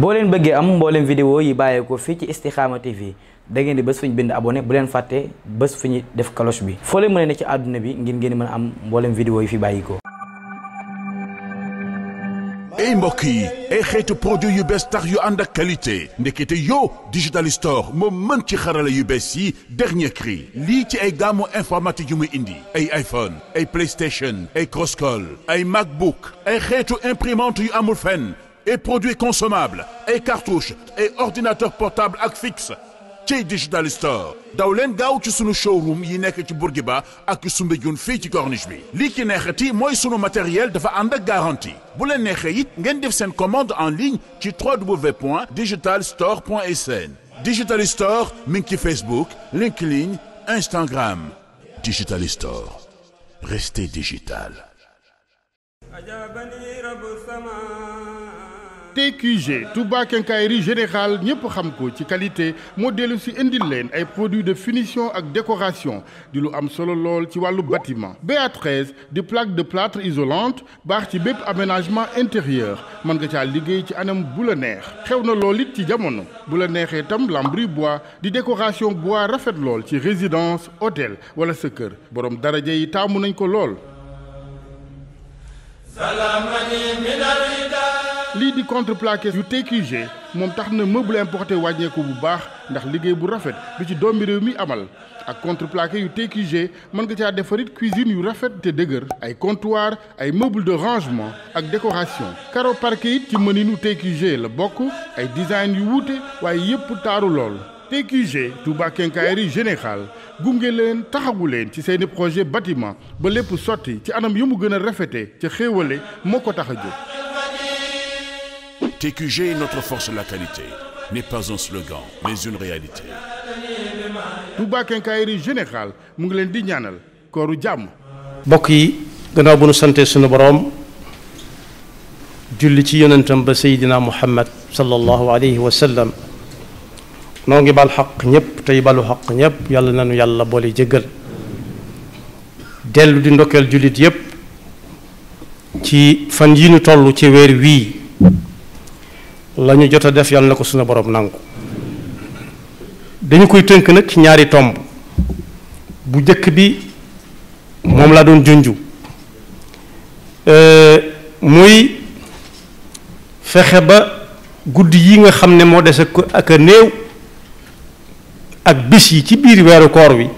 boo leen bëggee am mbooleem vidéo yi bàyyeekoo fii ci Istikhama TV da ngeen di bés fu ñu bind abonné bu leen fàtte bés fu ñu def cloche bi foo leen mën a ci àdduna bi ngir ngeen mën a am mbooleem vidéo yi fi bàyyikoo ay mbokk yi ay xeetu produit yu bees tax yu ànd ak qualité ndekete yow digital store moo mën ci xarala yu bees yi dernier cri lii ci ay gàmmu informatique yu muy indi ay iPhone ay PlayStation ay Crosscall ay MacBook ay xeetu imprimante yu amul fenn et produits consommables ay cartouches ay ordinateur portable ak fixe ci Digital Store daw leen gaaw ci sunu showroom yi nekk ci Bourguiba ak Soumbédioune fii ci corniche bi lii ci neexati mooy sunu matériel dafa ànd garanti garantie bu leen neexee it ngeen def seen commande en ligne ci www.digitalstore.sn Digital Store mi ngi ci Facebook LinkedIn Instagram Digital Store restez digital TQG Touba Quincaillerie Générale ñëpp xam ko ci qualité moo dellu si indi leen ay produits de finition ak décoration di lu am solo lool ci wàllu bâtiment BA13 di plaque de plâtre isolante baax ci bépp aménagement intérieur mën nga caa liggéey ci anam bu la neex xew na lool it ci jamono bu la neexee tam lambris bois di décoration bois rafet lool ci résidence hôtel wala sa kër borom daraja yi taamu nañ ko lool. lii di contreplaqué yu TQG moom tax na meuble importé wàññeeku bu baax ndax liggéey bu rafet bi ci doomi réew mi amal ak contreplaqué yu TQG mën nga caa defarit cuisine yu rafet te dëgër ay comptoir ay meuble de rangement ak décoration caro parquet it ci mëninu TQG la bokk ay design yu wuute waaye yépp taaru lool TQG Touba Quincaillerie Générale gunge leen taxawu leen ci seeni projet bâtiment ba lépp sotti ci anam yu mu gën a rafete ca xéewale moo ko tax a jóg TQG, notre force, la qualité, n'est pas mu ngi leen di ñaanal kooru jàmm. mbokk yi gannaaw bu nu sante sunu boroom julli ci yonentam ba Seydina Muhammad sallallahu alayhi wa sallam noo ngi bal xaq ñëpp tey balu xaq ñëpp yàlla nanu yàlla boole jéggal dellu di ndokkeel jullit yëpp ci fan yi ñu toll ci wii la ñu jot a def yàlla na ko sunu borom nangu dañu koy tënk nag ci ñaari tomb bu jëkk bi moom laa doon junju euh, muy fexe ba guddi yi nga xam ne moo des ak a néew ak bis yi ci biir weeru koor wi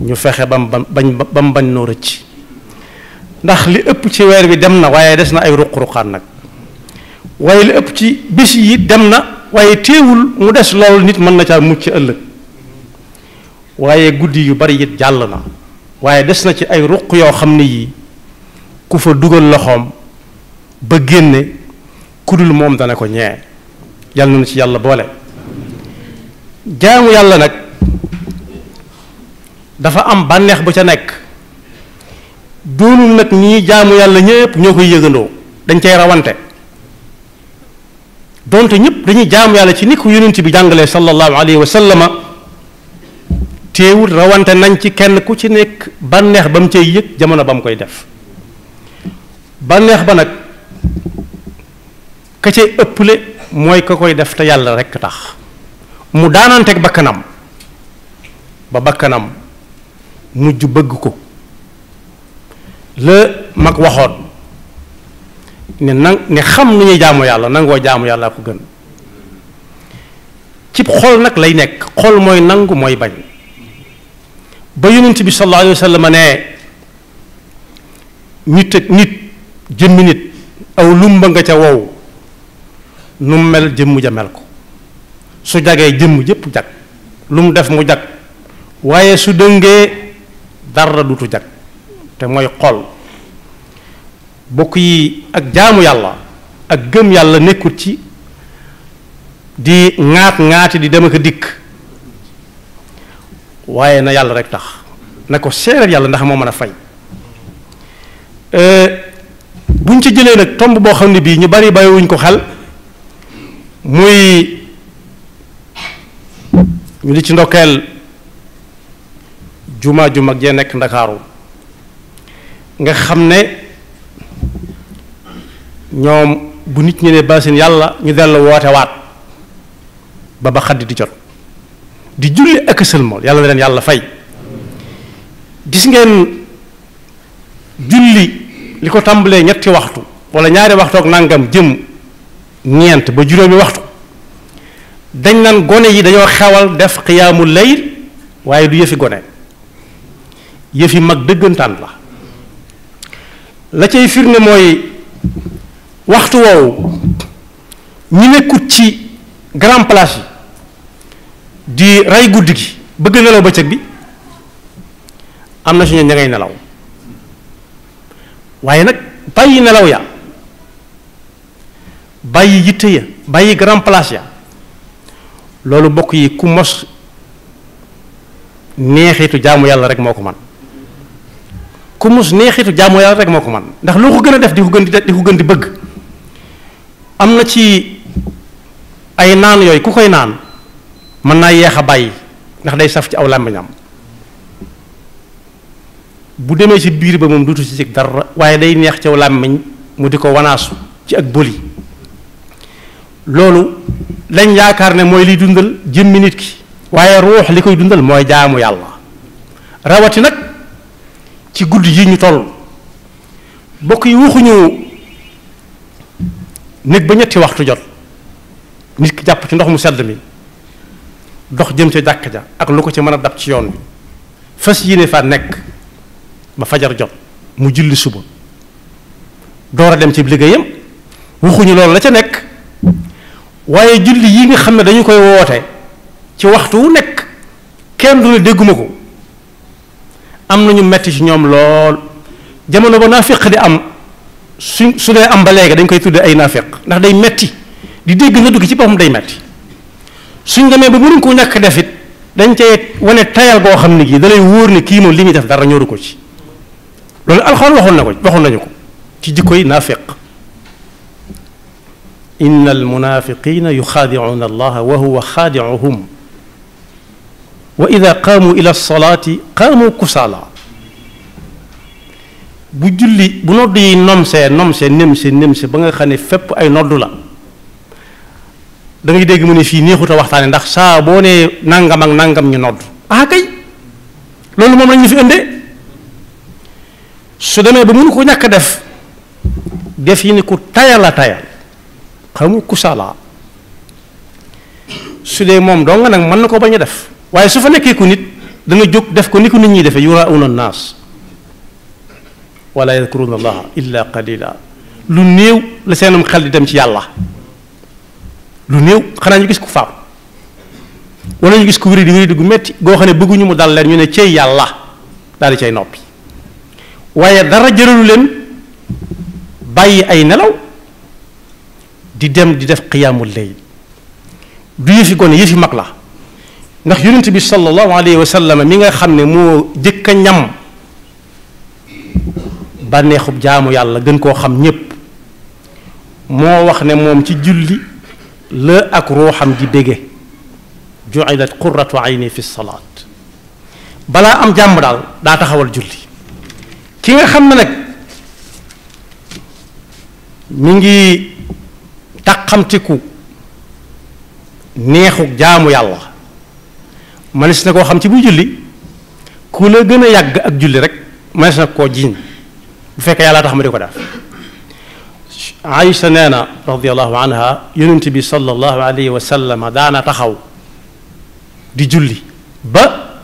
ñu fexe ba mu bañ ba mu bañ noo rëcc ndax li ëpp ci weer wi dem na waaye des na ay ruq-ruqaan nag waaye li ëpp ci bis yi dem na waaye teewul mu des loolu nit mën na caa mucc ëllëg waaye guddi yu bari it jàll na waaye des na ci ay ruq yoo xam ne yi ku fa dugal loxoom ba génne kudul moom dana ko ñee yàlla ci yàlla boole jaamu yàlla nag dafa am bànneex bu ca nekk doonul nag ñii jaamu yàlla ñépp ñoo koy yëgandoo dañ cay rawante donte ñëpp dañuy jaamu yàlla ci ni ko yonent bi jàngalee sallallahu alayhi wa sallama teewul rawante nañ ci kenn ku ci nekk bànneex ba mu cay yëg jamono ba mu koy def bànneex ba nag ka cay ëpple mooy ka koy def te yàlla rekk tax mu daananteeg bakkanam ba bakkanam mujj bëgg ko la mag waxoon ne nang ne xam nu ñuy jaamu yàlla nangoo jaamu yàlla ko gën ci xool nag lay nekk xool mooy nangu mooy bañ ba yonent bi sallallahu alayhi wa sallam ne nit ak nit jëmmi nit aw lumba nga ca wow nu mel jëmm ja mel ko su jagee jëmm jëpp jag lu def mu jag waaye su dëngee dara dutu jag te mooy xool bokk yi ak jaamu yàlla ak gëm yàlla nekkul ci di ŋaat ŋaati di dem ak a dikk waaye na yàlla rek tax na ko seereel yàlla ndax moo mën a fay euh, buñ ci jëlee nag tomb boo xam ne bii ñu bari bàyyiwuñ ko xel muy ñu di ci ndokkeel jumaa ju jee nekk ndakaaru nga xam ne ñoom bu nit ñi ne basin yàlla ñu dellu woote waat ba ba xaddi di jot di julli ak sëlmal yàlla na leen yàlla fay gis ngeen julli li ko tàmbalee ñetti waxtu wala ñaari waxtu ak nangam jëm ñeent ba juróomi waxtu dañ naan gone yi dañoo xewal def xiyaamu layl waaye du yëfi gone yëfi mag dëggantaan la la cay firnde mooy waxtu woowu ñi nekkut ci grand place yi di rey guddi gi bëgg nelaw bëccëg bi am na suñu ña ngay nelaw waaye nag bàyyi nelaw ya bàyyi yitte ya bàyyi grand place ya loolu bokk yi ku mos neexitu jaamu yàlla rek moo ko man ku mos neexitu jaamu yàlla rek moo ko man ndax loo ko gën a def di ko gën di di ko gën di bëgg am na ci ay naan yooyu ku koy naan mën naa yeex a bàyyi ndax day saf ci aw làmmiñam bu demee ci biir ba moom duutu ci cig dara waaye day neex ci aw làmmiñ mu di ko wanaasu ci ak boli loolu lañ yaakaar ne mooy liy dundal jëmmi nit ki waaye ruux li koy dundal mooy jaamu yàlla rawati nag ci guddi yi ñu toll bokk yi waxuñu néeg ba ñetti waxtu jot nit ki jàpp ci ndox mu sedd mi dox jëm ca jàkk ja ak lu ko ci mën a dab ci yoon bi fas yéene fa nekk ba fajar jot mu julli suba door a dem ci liggéeyam waxuñu loolu la ca nekk waaye julli yi nga xam ne dañu koy woote ci waxtu wu nekk kenn du ne dégguma ko am nañu metti ci ñoom lool jamono ba naa féq di am suñ su dee am ba léegi dañ koy tuddee ay naafeq ndax day metti di dégg nga dugg ci boppam day metti suñ demee ba mënuñ ko ñàkk defit it dañ cay wane tayal boo xam ne gii da lay wóor ne kii moom li muy def dara ñooru ko ci loolu alxuraan waxoon na ko waxoon nañu ko ci jikkoy naafiq inna almunafiqina yuxaadicuuna allaha wa huwa xaadicuhum wa ida qaamu ila lsalaati qaamu kusaala bu julli bu nodd yi nomsee nomsee nemse nemse ba nga xam ne fépp ay nodd la dangay dégg mu ne fii neexut a waxtaane ndax saa boo nee nangam ak nangam ñu nodd ah kay loolu moom la ñu fi indee su demee ba mënu ko ñàkk def def yi ni ku tayal la tayal xamu ku sala su dee moom dong nag mën na ko bañ a def waaye su fa nekkee ku nit dana jóg def ko ni ko nit ñi defee yuraawuna naas wala yadkuruna allaha lu néew la seenum xel di dem ci yàlla lu néew xanaa ñu gis ku faam wala gis ku wéri di metti goo xam ne bëgguñu mu dal ñu ne cey yàlla daal cay noppi waaye dara jëralu leen bàyyi ay nelaw di dem di def qiyaamul layl du yëfi gone yëfi mag la ndax yonent bi sallallahu alayhi wa mi nga xam ne moo jëkk ñam bànneexub jaamu yàlla gën koo xam ñépp moo wax ne moom ci julli la ak ruuxam di bége ju'ilat qurratu ayni fi salaat balaa am jàmm daal daa taxawal julli ki nga xam ne nag mu ngi taqamtiku neexu jaamu yàlla manis na koo xam ci buy julli ku la gën a yàgg ak julli rek manis na koo jiiñ bu fekkee yàlla tax ma di ko def Aïcha nee na radiallahu anha yonent bi sallallahu alayhi daana taxaw di julli ba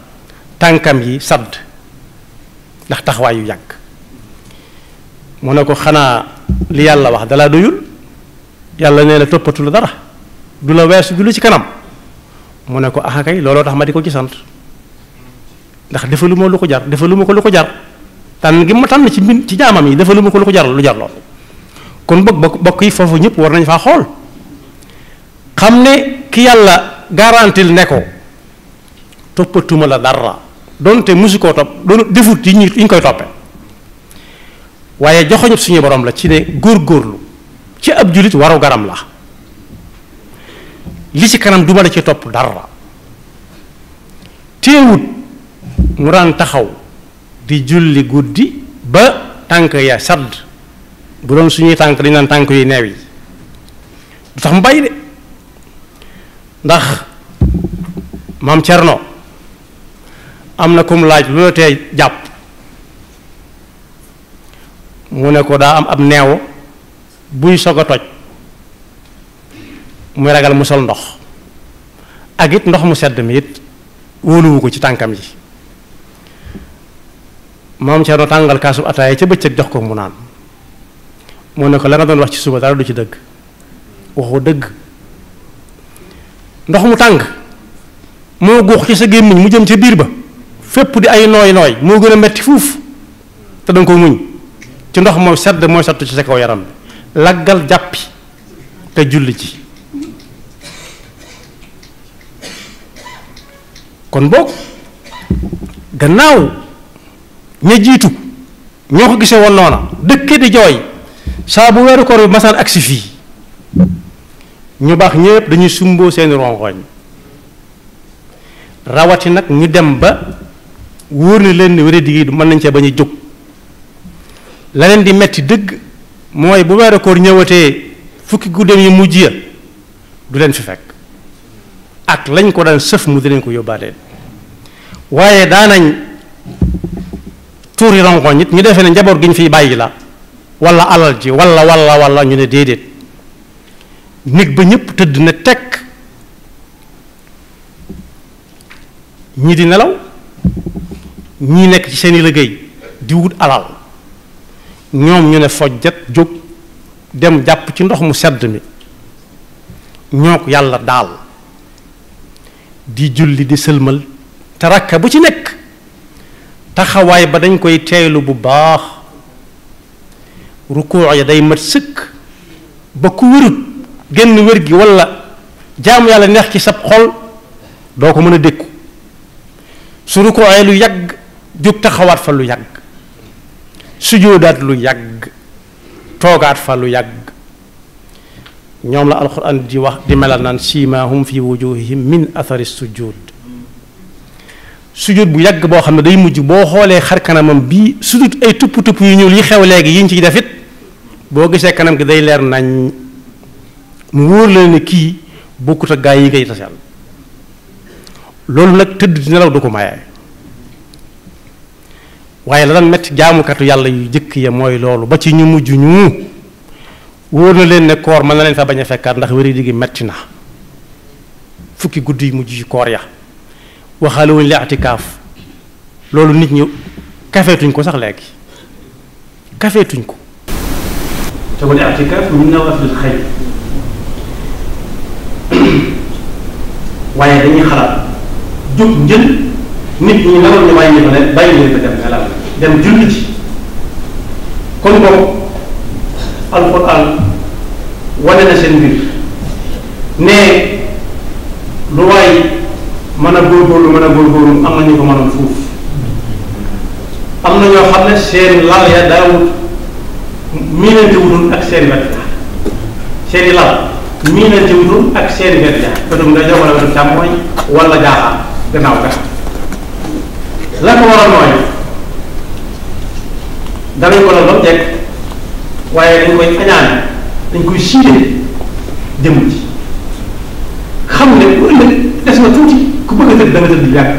tànkam yi sadd ndax taxawaay yu yàgg mu ne ko xanaa li yàlla wax dalaa doyul yàlla nee na toppatu la dara du la weesu du la ci kanam mu ne ko ah looloo tax ma di ko ci sant ndax defaluma lu ko jar defaluma ko lu ko jar tànn gi ma tànn ci mbind ci jaamam yi dafa lu ma ko lu ko jaral lu jarloon kon bokk bokk yi foofu ñëpp war nañ faa xool xam ne ki yàlla garantil ne ko toppatuma la dara donte musu koo topp doon defut yi ñu koy toppe waaye joxoñu suñu borom la ci ne góor góorlu ci ab jullit waru garam la li ci kanam duma la ci topp dara téewut mu daan taxaw di julli guddi ba tànk ya sadd bu doon suñuy tànk dañu naan tànk yu neew yi du tax mu bàyyi de ndax maam Cerno am na ku laaj lu la tee jàpp mu ne ko daa am ab neew buy soog a toj muy ragal mu sol ndox ak it ndox mu sedd mi it wóoluwu ko ci tànkam yi maam Thierno tàngal kaasub ataaya ca bëccëg jox ko mu naan mu ne ko la nga doon wax ci suba dara du ci dëgg waxoo dëgg ndox mu tàng moo guux ci sa gémmiñ mu jëm ca biir ba fépp di ay nooy nooy moo gën a metti fuuf te danga ko muñ ci ndox moo sedd mooy sattu ci sa kaw yaram bi laggal jàppi te julli ci kon boog gannaaw ña jiitu ñoo ko gisee woon noona dëkk di jooy saa bu weeru koor bi masaan si fii ñu baax ñëpp dañuy sumboo seeni rongoñ rawati nag ñu dem ba wóor na leen ni wéradi gi mën nañ cee bañ a jóg la leen di metti dëgg mooy bu weeru koor ñëwatee fukki guddeem yi mujj ya du leen fi fekk ak lañ ko daan sëf mu dinañ ko yóbbaatee waaye daanañ tuuri rongoñ nit ñu defee ne njaboot gi ñu fiy bàyyi la walla alal ji walla wala wala ñu ne déedéet néeg ba ñépp tëdd na tekk ñii di nelaw ñii nekk ci seeni liggéey di wut alal ñoom ñu ne fojjat jóg dem jàpp ci ndox mu sedd mi ñoo ko yàlla daal di julli di sëlmal te rakka bu ci nekk taxawaay ba dañ koy teeylu bu baax rukuux ya day mat sëkk ba ku wérut génn wér gi walla jaamu yàlla neex ci sab xol doo ko mën a dékku su rukuuxee lu yàgg jóg taxawaat fa lu yàgg sujjóodaat lu yàgg toogaat fa lu yàgg ñoom la alxuraan di wax di melal naan siimaahum fi wujuhihim min athari sujud sujud bu yàgg boo xam ne day mujj boo xoolee xar kanamam bii sudut ay tupp tupp yu ñuul yi xew léegi yiñ ci def it boo gisee kanam gi day leer nañ mu wóor la ne kii bokkut ak gaa yi ngay tasal loolu nag tëdd di nelaw du ko maye waaye la daan metti jaamukatu yàlla yu jëkk ya mooy loolu ba ci ñu mujj ñu wóor na leen ne koor mën na leen fa bañ a fekkaat ndax wéri digi metti na fukki guddi yu mujj yi koor ya waxaale wuñ la atikaaf loolu nit ñi kafeetuñ ko sax léegi kafeetuñ ko te kon atikaaf min nawaafilul xayr waaye dañuy xalaat jóg jël nit ñi naroon ñu bàyyi ñu ko ne bàyyi ñu ko dem xalaat dem julli ci kon boobu alxuraan wane seen mbir ne lu waay man a góorgóorlu mën a góorgóorlu am na ñu ko mënoon fuuf am na ñoo xam seen lal ya daawut miinante wutul ak seen wet seen i lal miinante wutul ak seen i wet ja wetum dañoo wala wetum càmmooñ wala jaaxaar gannaaw ga la ko waral mooy danañ ko doon ba mu jekk waaye dañ koy añaane dañ koy siide jëm na tuuti ku bëgg a tëdd da nga tëdd lu yàgg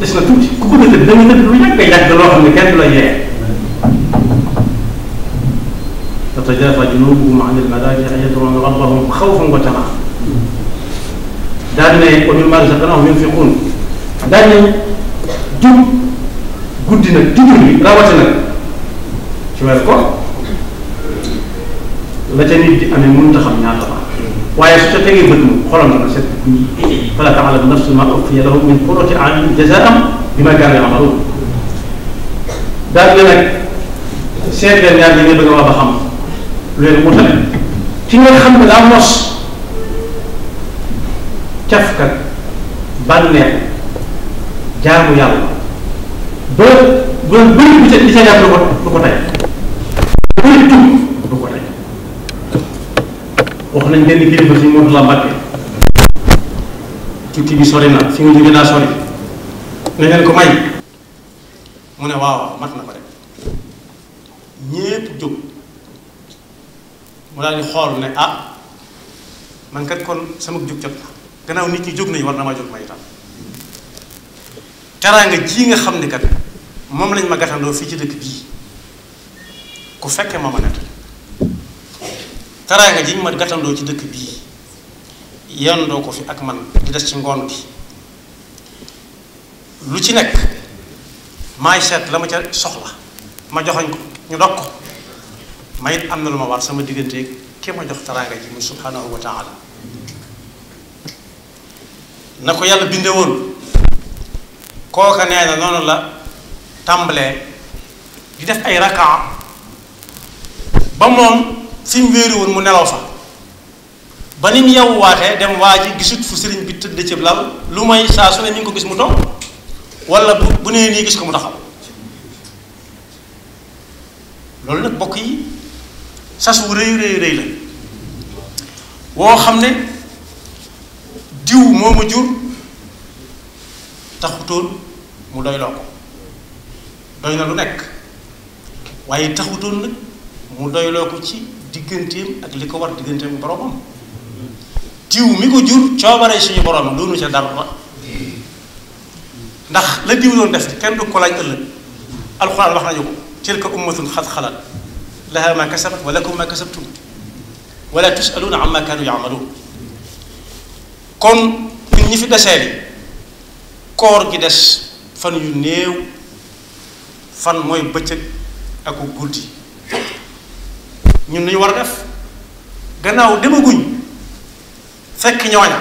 des na tuuti ku bëgg a tëdd da nga tëdd lu yàgg yàgg loo xam ne kenn du la yee tatajaafa junubuhum an al-madaaji'i yad'uuna rabbahum xawfan wa tama'an daan ne wa mimmaa razaqnaahum yunfiquun daan ne jub guddi nag tidur bi rawatina ci weer ko la ca nit di amee mënut a xam ñaata waaye su ca tegee bët moom xolam dana set fala ta'lamu nafsun ma ukhfiya lahum min qurrati a'yunin jazaa'an bimaa kaanu ya'maluun daal nag seet leen ñaar ñi nga bëgg a wax ba xam lu leen wutal ci xam ne daa mos cafkat bànneex jaamu yàlla ba ba bëri bi ca li ca jàpp lu wax nañ benn kilifa si Mawla Mbacke tukki bi sori na fi nga jóge daa sori na ko may mu ne waaw mat na ko rek ñépp jóg moo daal di xool ne ah man kat kon sama jóg jot na gannaaw nit ñi jóg nañu war na ma jóg may itam teraanga ji nga xam ne kat moom lañ ma gàttandoo fii ci dëkk bii ku fekkee ma ma nekk teraanga ji ñu ma gàttandoo ci dëkk bii yandoo ko fi ak man di des ci ngoon bi lu ci nekk maay seet la ma ca soxla ma joxañ ko ñu dog ko ma it am na lu ma war sama diggante ki ma jox teraanga ji muy subhanahu wa taala na ko yàlla binde woon kooka nee na noonu la tàmbalee di def ay rakaa ba moom fi mu woon mu nelaw fa ba ni mu dem waa ji gisut fu sëriñ bi tëdd ci lal lu may saa su ne mi ngi ko gis mu toog wala bu bu nee nii gis ko mu taxaw loolu nag bokk yi sas wu rëy rëy rëy la woo xam ne diw moomu ma jur taxutoon mu doyloo loo ko doy na lu nekk waaye taxutoon nag mu doyloo ko ci digganteem ak li ko war digganteem boromam diw mi ko jur coobare suñu borom doonu ca dara ndax la diw doon def kenn du ko laaj ëllëg alxuraan wax nañu ko tilka ummatun xat xalat laha ma kasabat wa lakum ma kasabtum wala tusaluuna amma kaanu yaamaluun kon ñun ñi fi desee li koor gi des fan yu néew fan mooy bëccëg ak guddi ñun nañu war a def gannaaw demaguñ fekk ñooña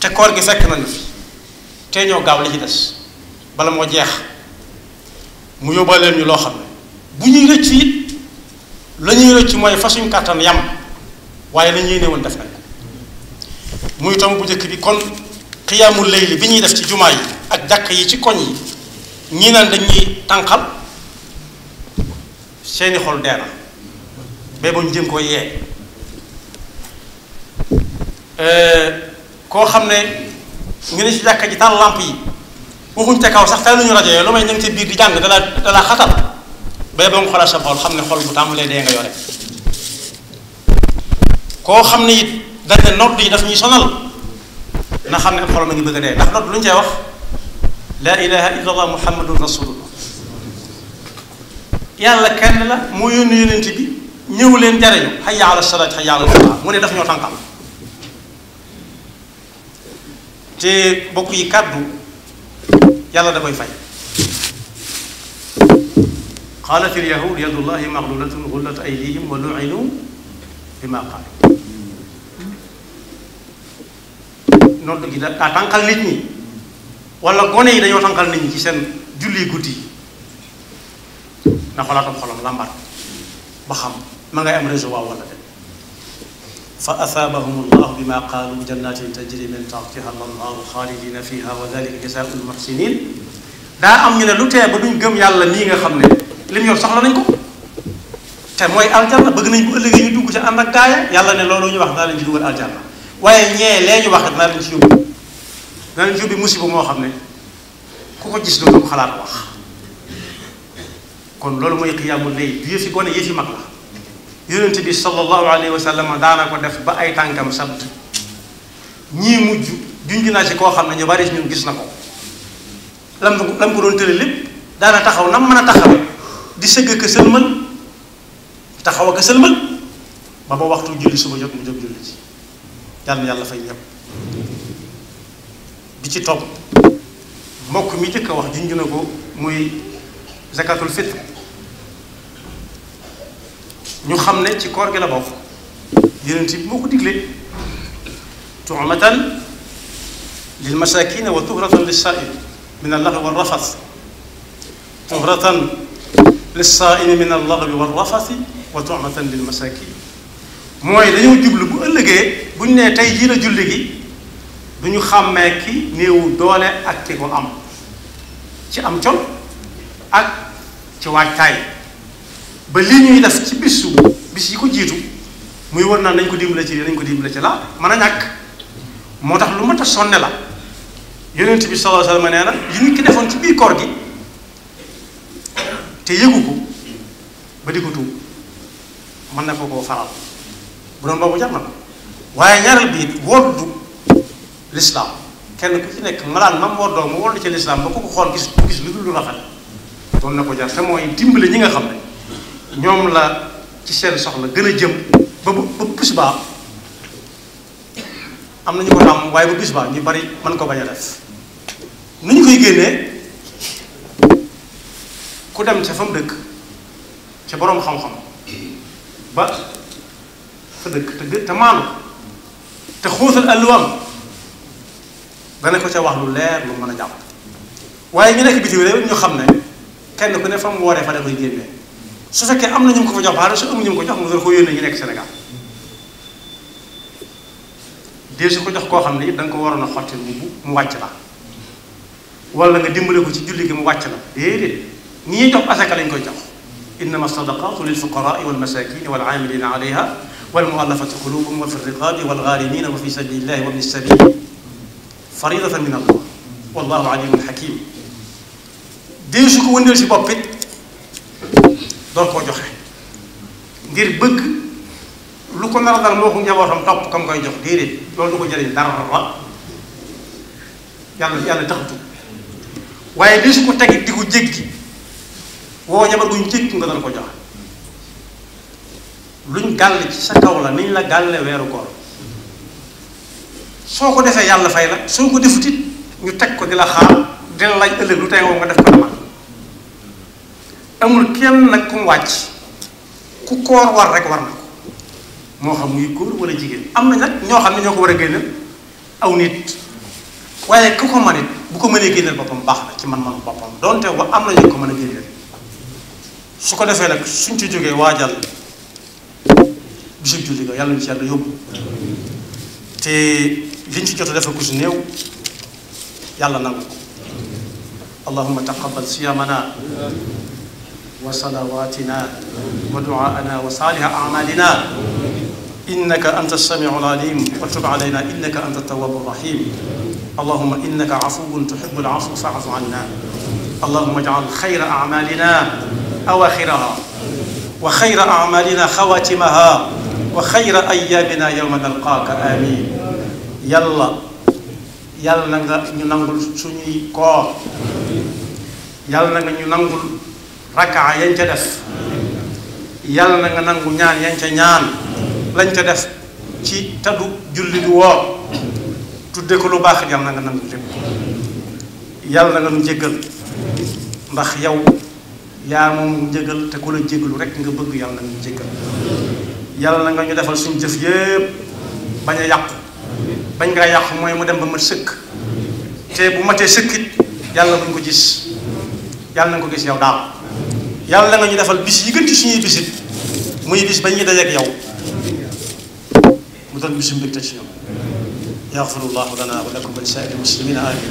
te koor gi fekk nañu fi te ñoo gaaw li ci des bala moo jeex mu yóbbaaleen ñu loo xam ne bu ñuy rëcc it la ñuy rëcc mooy fa suñ kàttan yam waaye la ñuy néewoon def nañ muy tom bu njëkk bi kon xiyaamul layli bi ñuy def ci jumaa yi ak jàkk yi ci koñ yi ñii naan dañuy tànqal seeni xol deena ba ba ñu jëm ko yee euh, koo xam ne ñu ne ci jàkka ji taal lamp yi waxuñ ca kaw sax taal nañu rajo yooyu lu may ñu ngi biir di jàng dalaa dalaa xatal ba ba nga xoolal sa xol xam ne xol bu tàmbalee dee nga yore koo xam ne it dañ ne nodd yi daf ñuy sonal na xam ne xolam a ngi bëgg a dee ndax nodd lu ñu cay wax laa ilaha illa allah muhammadun rasulullah yàlla kenn la moo yónni yonent bi ñëw leen jariñu hayya ala salaat hayya ala ñoo tànqal te bokk yi kàddu yàlla dafay koy fay qaalat il yahud yadullahi maglulatun gullat aydihim wa lu'inu da daa tànqal nit ñi wala gone yi dañoo tànqal nit ñi ci seen julli guddi na xolaatam xolam làmbar ba xam ma ngay am réseau waaw wala dem fa asaabahum allahu bima qaalu jannatin tajri min taxtiha al-anhaaru xaalidina fiha wa dalika jazaau lmuxsinin daa am ñu ne lu tee ba duñ gëm yàlla nii nga xam ne lim yor soxla nañ ko te mooy aljanna bëgg nañ bu ëllëgee ñu dugg ci ànd ak gaaya yàlla ne loolu ñu wax naa leen ci dugal aljanna waaye ñee lee ñu wax naa leen ci yóbbu naa moo xam ne ku ko gis dootu xalaat wax kon loolu mooy xiyaamu lay bi yëfi gone yëfi mag yonent bi sallallahu alayhi wa sallam daana ko def ba ay tànkam sant ñii mujj junj naa ci koo xam ne ñu bari ñun gis na ko lam lam ko doon tële lépp daana taxaw na mën a taxaw di sëgg ka sëlmal taxaw ka sëlmal ba ba waxtu julli suba jot mu jóg julli ci yàlla na yàlla fay ñëpp di ci topp mbokk mi jëkk a wax junj na ko muy zakatul fitr ñu xam ne ci koor gi la bokk yonent bi moo ko digle tu'matan lil masakin wa tuhratan lis sa'im min al lahwi war rafas tuhratan lis sa'im min al lahwi war rafas wa tu'matan lil masakin mooy dañoo jublu bu ëllëgee bu ñu nee tey jii la julli doole ak ki ko am ci am col ak ci waajtaay ba li ñuy def ci bisu bis yi ko jiitu muy war naa nañ ko dimbale ci nañ ko dimbale ci la mën a ñàkk moo tax lu mat a sonne la yonent bi sallallahu alayhi wa sallam nee na li nit defoon ci biir koor gi te ko mën na ko koo faral bu doon boobu jar na la waaye ñaareel bi it woddu lislaam kenn ku ci nekk malaan mam woddoo mu wodd ci lislaam ba ku ko xool gis gis lu dul lu rafet doon na ko jar te mooy dimbale ñi nga xam ne ñoom la ci seen soxla gën a jëm ba bu ba bis baa am na ñu ko am waaye ba bis baa ñu bari mën ko bañ a def ni ñu koy génnee ku dem ca fa mu dëkk ca boroom xam-xam ba fa dëkk te gë- te maanu te xóotal àlluwam dana ko ca wax lu leer lu mën a jàpp waaye ñu nekk bitim réew ñu xam ne kenn ku ne fa mu waree fa da koy su fekkee am na ñu ko fa jox baax na su amuñu ko jox mu doon ko yónnee ñu nekk Sénégal dee su ko jox koo xam ne it da nga ko waroon a xotti mu wàcc la wala nga dimbale ko ci julli gi mu wàcc la déedéet ñi ñuy jox asaka lañ koy jox innama sadaqatu lil fuqaraa wal masaakin wal aamilina alayha wal muallafati qulubuhum wa fi riqaabi wal ghaarimiina wa fi sabilillahi wa ibni sabiil faridatan min allah wallahu alimun hakim dee su ko wëndeel si bopp it door koo joxe ngir bëgg lu ko nar a dal moo ko njabootam topp kam koy jox déedéet loolu du ko jëriñ dara la yàlla yàlla taxatu waaye li su ko tegit di ko jéggi woo jabar guñ jéggi nga dana ko joxe luñ gàll ci sa kaw la niñ la gàlle weeru ko soo ko defee yàlla fay la soo ko defutit ñu teg ko di la xaar di la laaj ëllëg lu tey woo nga def ko man amul kenn nag ku mu wàcc ku koor war rek war na ko moo xam muy góor wala jigéen am na nag ñoo xam ne ñoo ko war a génneel aw nit waaye ku ko manit bu ko mënee génneel boppam baax na ci man-manu boppam donte wa am na ñu ko mën a génneel su ko defee nag su ci jógee waajal bisub julli yàlla ñu ci yàlla yóbbu te liñ ci jot a defal ko yàlla nangu ko allahumma taqabbal siyamana wa salawaatina wa duaana wa saaliha amalina innaka anta samiu alalim wa tub alayna innaka anta tawaabu rahim allahuma innaka afuwun tuhibu alafwa faafu anna allahuma jaal xayra amalina awaaxiraha wa xayra amalina xawaatimaha wa xayra ayaamina yowma nalqaaka amin yàlla yàlla na nga ñu nangul suñuy koor yàlla na nga ñu nangul rakkaa yañ ca def yàlla na nga nangu ñaan yañ ca ñaan lañ ca def ci taddu julli du woor tudde ko lu baax yàlla na nga nangu lépp yàlla na nga nu jéggal ndax yow yaa moom njëgal te ku la jéggalu rek nga bëgg yàlla na nga ñu jéggal yàlla na nga ñu defal suñ jëf yépp bañ a yàqu bañ ngaa yàqu mooy mu dem ba ma sëkk te bu matee sëkkit yàlla buñ ko gis yàlla na nga ko gis yow daal yàlla nga ñu defal bis yi gën ci suñuy bisit muy bis ba ñuy dajeeg yow mu doon bisu mbégte ci ñoom yaxfirullahu lana wa lakum wa li saa'iri muslimina amin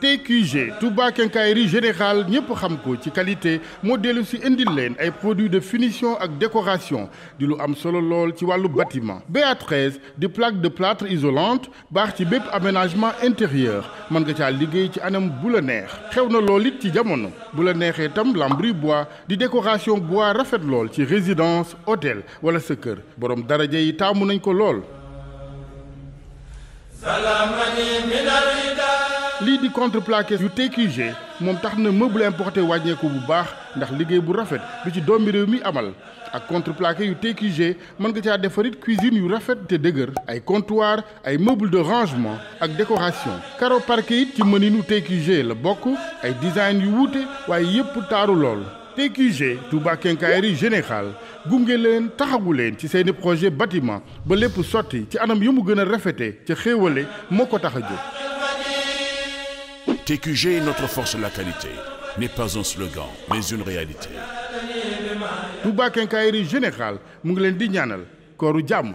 TQG Touba Quincaillerie Générale ñëpp xam ko ci qualité moo dellu si indil leen ay produits de finition ak décoration di lu am solo lool ci wàllu bâtiment BA13 di plaque de plâtre isolante baax ci bépp aménagement intérieur mën nga caa liggéey ci anam bu la neex xew na lool it ci jamono bu la neexee tam lambris bois di décoration bois rafet lool ci résidence hôtel wala sa kër borom daraja yi taamu nañ ko lool. lii di contreplaqué yu TQG moom tax na meuble importé wàññeeku bu baax ndax liggéey bu rafet bi ci doomi réew mi amal ak contreplaqué yu TQG mën nga caa defarit cuisine yu rafet te dëgër ay comptoir ay meuble de rangement ak décoration caro parquet it ci mëninu TQG la bokk ay design yu wuute waaye yépp taaru lool TQG Touba Quincaillerie Générale gunge leen taxawu leen ci seeni projet batiment ba lépp sotti ci anam yu mu gën a rafete ca xéewale moo ko tax a jóg TQG, notre force, la qualité, n'est pas un slogan, mais une réalité. Touba Quincaillerie Générale mu ngi leen di ñaanal kooru jàmm.